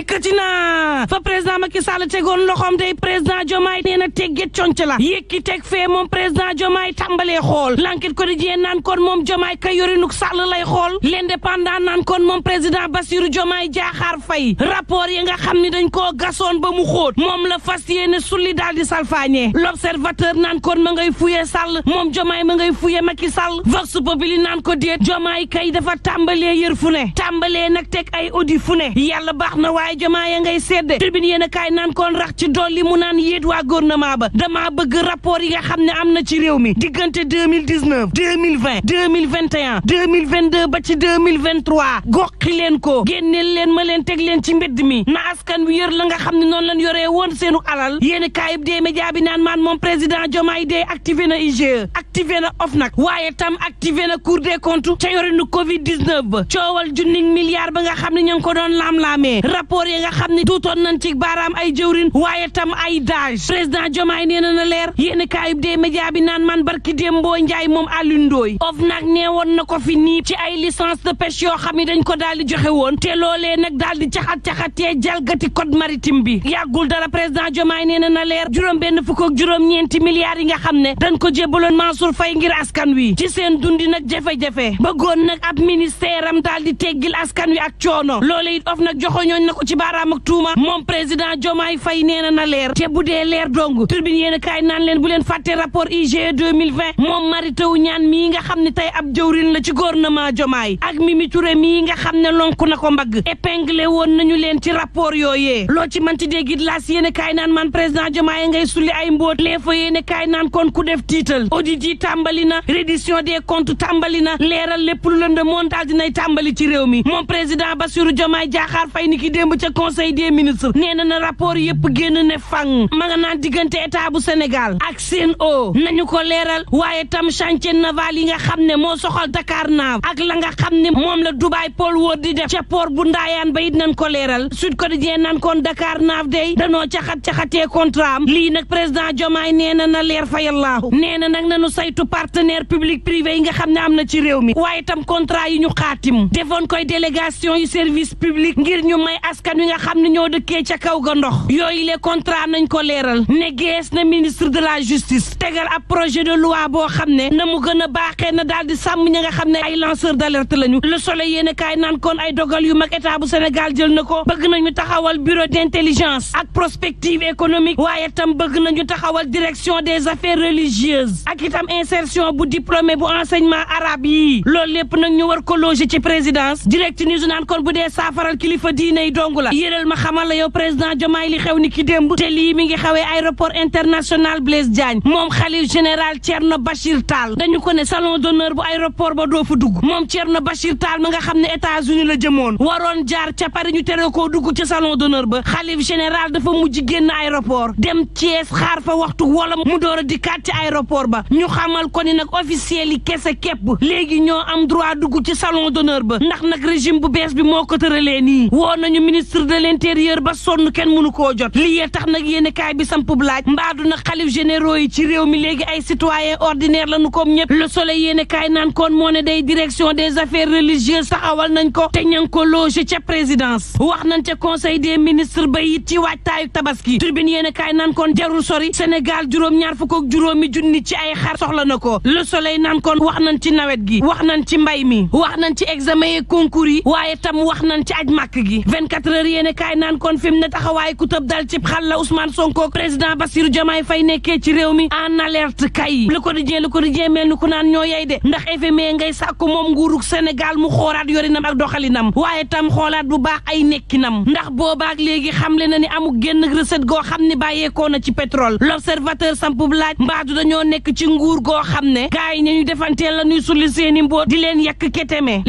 dikkati na fa président Macky Sall tegoon loxoom day président Diomaye nee na tegget conc la yëkki teg fee moom président Diomaye tàmbalee xool l'enquête quotidien naan kon moom Diomaye ka yorinuk Sall lay xool l'indépendant naan kon moom président Bassirou Diomaye Diakhar Faye rapport yi nga xam ni dañ koo gasoon ba mu xóot moom la fas yéene sulli daal di salfaañee l'observateur naan kon ma ngay fuye Sall moom Diomaye ma ngay fuye Macky Sall vox populi naan ko déet Diomaye kay dafa tàmbalee yër fu ne tàmbalee na waaye waaye jomaaya ngay sedde tribune yéen a kaay naan koon rax ci dolli mu naan yéet waa gouvernement ba damaa bëgg rapport yi nga xam ne am na ci réew mi diggante 2019 2020 2021 2022 ba ci 2023 goxi leen ko génneel leen ma leen teg leen ci mbedd mi na askan wi yër la nga xam ne noonu lañ yoree woon seenu alal yéen i kaayib dee média bi naan maan moom président jomaay dee activé na IGE activé na OFNAC waaye tam activé na cour des comptes ca yorinu covid 19 ba coowal junniñ milliard ba nga xam ne ña ngi ko doon laam-laamee rapport rapport yi nga xam ay jëwrin waaye tam ay dage président Diomaye nee na na leer yéen kaayub dee média bi naan man barki boo njaay moom Alioune Ndoye of nag nee woon na ko fi nii ci ay licence de pêche yoo xam ne dañ ko daal di joxe woon te loolee nag daal di caxat-caxatee jalgati code maritime bi yàggul dara président Diomaye nee na na leer juróom benn fukk ak juróom ñeenti milliards yi nga xam ne dañ ko jébbaloon Mansour Faye ngir askan wi ci seen dundi nag jafe-jafe bëggoon nag ab ministère am daal di teggil askan wi ak coono loolee it of nag joxoñooñ ko ci baaraam ak tuuma moom président Diomaye Faye nee na na leer te bu dee leer dong tribune yéen a kaay naan leen bu leen fàtte rapport IGE 2020 moom Mary Teuw Niane mii nga xam ne tey ab jëwrin la ci gouvernement Diomaye ak Mimi Touré mii nga xam ne lonku na ko mbagg épinglé woon nañu leen ci rapport yooyee loo ci man ci it laas yéen a kaay naan man président Diomaye ngay sulli ay mbóot lee fa yéen a kaay naan kon ku def tiital audit yi tàmbali na reddition de comptes tàmbali na leeral lépp lu lëndëm moom daal dinay ci réew mi démb ca conseil des ministres nee na rapport yëpp génn ne fang ma nga naan diggante état bu Sénégal ak Sen'Eau nañu ko leeral waaye tam na naval yi nga xam ne moo soxal Dakar Nave ak la nga xam ne moom la Dubai Port World di def ca port bu Ndaayaan ba it ko leeral Sud Quotidien nan kon Dakar Nave day danoo caxat caxatee contrat am lii nag président Diomaye nee na na leer fa yàllaahu nee na nag nañu saytu partenaire public privé yi nga xam ne am na ci réew mi waaye tam contrat yi ñu xaatim defoon koy délégation ngir ñu may as askan wi nga xam ñoo dëkkee ci kaw ga ndox yoy les contrat nañ ko léral ne gees na ministre de la justice tégal ab projet de loi bo xamné na mu gëna baxé na daal di ñi nga ay lanceur d'alerte lañu le soleil yéen kay kaay kon ay dogal yu mag état bu Sénégal jël nako bëgg nañu taxawal bureau d'intelligence ak prospective économique waye tam bëgg nañu taxawal direction des affaires religieuses ak itam insertion bu diplômé bu enseignement arabe yi loolu lépp ñu war ko loger ci présidence direct news naan kon bu dé safaral kilifa diine dong la yéenal ma xamal la yow président Diomaye li xew ni ki démb te lii mi ngi xawee aéroport international Blaise Diagne moom xalif général Thierno Bachir Tall dañu ko ne salon d'honneur bu aéroport ba doo fa dugg moom Thierno Bachir Tall ma nga xam ne États-Unis la jëmoon waroon jaar ca Paris ñu tere koo dugg ca salon d'honneur ba xalif général dafa mujj génn aéroport dem Thiès xaar fa waxtu wala mu door a dikkaat ci aéroport ba ñu xamal ko ni nag officiel yi kese képp léegi ñoo am droit dugg ci ba ndax ministre de l'intérieur ba sonn ken munu ko jot lii tax nak yene kay bi samp laaj mbaadu généraux yi ci réew mi léegi ay citoyen ordinaire lañu comme le soleil yene kay nan kon moo day direction des affaires religieuses taxawal nañ ko te ña ko loge ci présidence wax nañ conseil des ministres ba it ci tabaski tribune yene kay nan kon jarul sori Sénégal juroom ñaar fuk ak juroomi junni ci ay xar soxla na ko le soleil nan kon wax nañ ci nawet gi wax nañ ci mbay mi wax nañ ci examen concours yi waye tam wax nañ ci aj gi 24 procureur yéene kaay naan kon fi mu ne taxawaay ku tëb dal cib xal la Ousmane Sonko président Bassirou Diomaye Faye nekkee ci réew mi en alerte kay Le Quotidien mel ni ku naan ñoo yey de ndax FMI ngay sàkku moom nguurug Sénégal mu xooraat yorinam ak doxalinam waaye tam xoolaat bu baax ay nekkinam ndax boobaak léegi xamle na ni amuk génn recette goo xam ne bàyyeekoo na ci pétrole L'Observateur sampub laaj mbaadu dañoo nekk ci nguur goo xam ne gars ñu defanteel la ñuy sulli seeni mboot di leen yàq keteme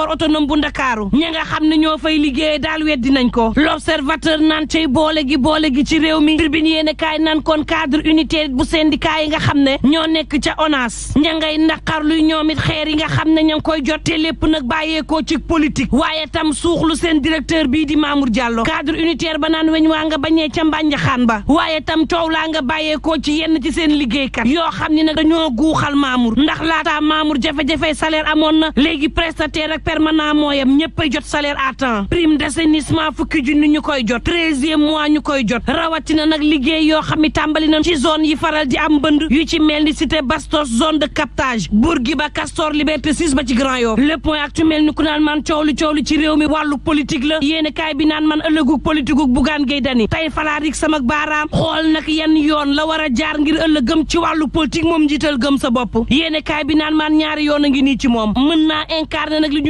port autonome bu ndakaaru ña nga xam ne ñoo fay liggéeye daal weddi nañ ko l'observateur naan cay boole gi boole gi ci réew mi tribune yéene kaay nan kon cadre unitaire bu syndicat yi nga xam ne ñoo nekk ca ONAS ña ndax ndaqar luy ñoom it xeer yi nga xam ne ñoo ngi koy jotte lépp nag bàyyeekoo ci politique waaye tam suuxlu seen directeur bii di Mamour Diallo cadre unitaire ba naan weñ waa nga bañee ca mbànjaxaan ba waaye tam coow laa nga bàyyeekoo ci yenn ci seen liggéeykat yoo xam ne nag dañoo guuxal Mamour ndax laataa Mamour jafe-jafe salaire amoon na léegi prestataire ak permanent mooyam ñëppay jot salaire à temps prime d'assainissement fukki junni ñu jot treizième mois ñu koy jot rawatina nag liggéey yoo xam ni tàmbali na ci zone yi faral di am mbënd yu ci mel ni cité Bastos zone de captage Bourguiba Castor Liberté 6 ba ci Grand Yoff le point actu mel ni ku naan man coow lu coow lu ci réew mi wàllu politique la yéene kaay bi naan man ëllëgug politique ug Bougane Gueye Dany tey falaarik sama baaraam xool nag yan yoon la war a jaar ngir ëllëgëm ci wàllu politique moom njiital gëm sa bopp yéene kaay bi naan man yoon a ngi nii moom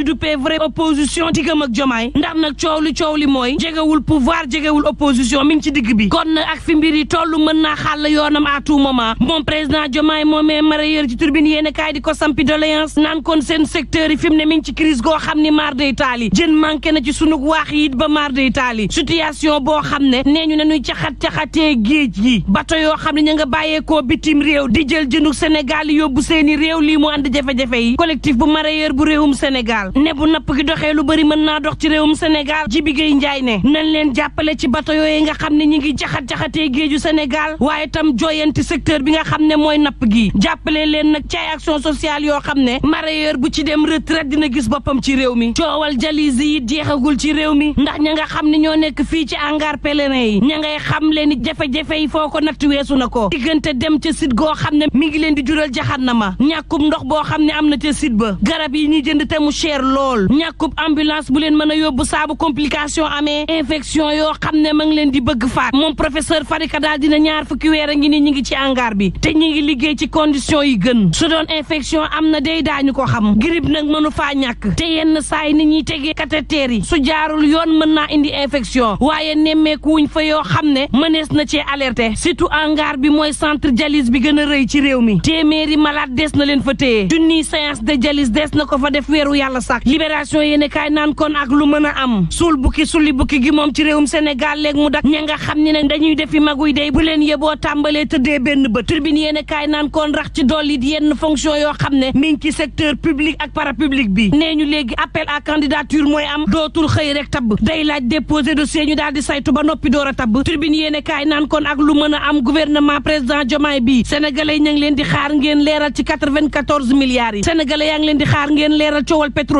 ñu duppee vraie opposition diggam ak jomaay ndax nag coow li coow li mooy jegewul pouvoir jegewul opposition mi ngi ci digg bi kon nag ak fi mbir yi toll mën naa xàll yoonam à tout moment moom président jomaay moomee mareyeur ci turbine yéen kaay di ko sampi doléance naan kon seen secteur yi fi mu ne mi ngi ci crise goo xam ni maar day taali jën manqué na ci sunug waax yi it ba maar day taali situation boo xam ne nee ñu ne ñuy caxat caxatee géej yi bato yoo xam ne ñu nga bàyyeekoo bitim réew di jël jëndug Sénégal yóbbu seeni réew lii mu ànd jafe yi collectif bu mareyeur bu réewum Sénégal ne bu napp gi doxee lu bari mën naa dox ci réewum Sénégal Jibi Gueye Ndiaye ne nañ leen jàppale ci bato yooyu nga xam ne ñi ngi jaxat-jaxatee géeju Sénégal waaye tam jooyanti secteur bi nga xam ne mooy napp gi jàppale leen nag ci ay action sociale yoo xam ne mareyeur bu ci dem retraite dina gis boppam ci réew mi coowal jalisi yi jeexagul ci réew mi ndax ña nga xam ne ñoo nekk fii ci hangar pèlerin yi ña ngay xam leen ni jafe-jafe yi foo ko natt weesu na ko diggante dem ca site goo xam ne mi ngi leen di jural jaxat na ma ndox boo xam ne am na ca site garab yi ñuy jënd te mu cher lool ñàkkub ambulance bu leen mën a yóbbu saabu complication amee infection yoo xam ne ma ngi leen di bëgg faat moom professeur Fadika daal dina ñaar fukki weer a ngi ni ñi ngi ci angaar bi te ñi ngi liggéey ci condition yi gën su doon infection am na day daañu ko xam grippe nag mënu faa ñàkk te yenn saa yi ni ñuy tegee cathéter yi su jaarul yoon mën naa indi infection waaye nemmeeku wuñ fa yoo xam ne mënees na cee alerte surtout angaar bi mooy centre dialyse bi gën a rëy ci réew mi téeméeri malade des na leen fa téye junniy séance de dialyse des na ko fa def weeru yàlla sax libération yéene kaay naan kon ak lu mën am suul bukki sulli bukki gi moom ci réewum Sénégal léeg mu dak ña nga xam ne ne dañuy defi maguy day bu leen yeboo tàmbalee tëddee benn bët tribune yéene kaay naan kon rax ci dolli yenn fonction yoo xam ne mi ngi ci secteur public ak parapublic bi nee ñu léegi appel à candidature mooy am dootul xëy rek tabb day laaj déposer dossier ñu daal saytu ba noppi door a tabb tribune yéene naan kon ak lu mën a am gouvernement président Diomaye bi sénégalais ña ngi leen di xaar ngeen leeral ci quatre-vingt-quatorze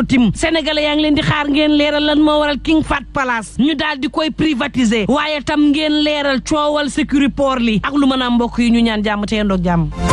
Protim sénégalais yaa ngi leen di xaar ngeen leeral lan ma waral King Fahd Palace ñu daal di koy privatiser waaye tam ngeen leeral coowal Sécuriport li ak lu ma a mbokk yi ñu ñaan jàmm te yendoog jàmm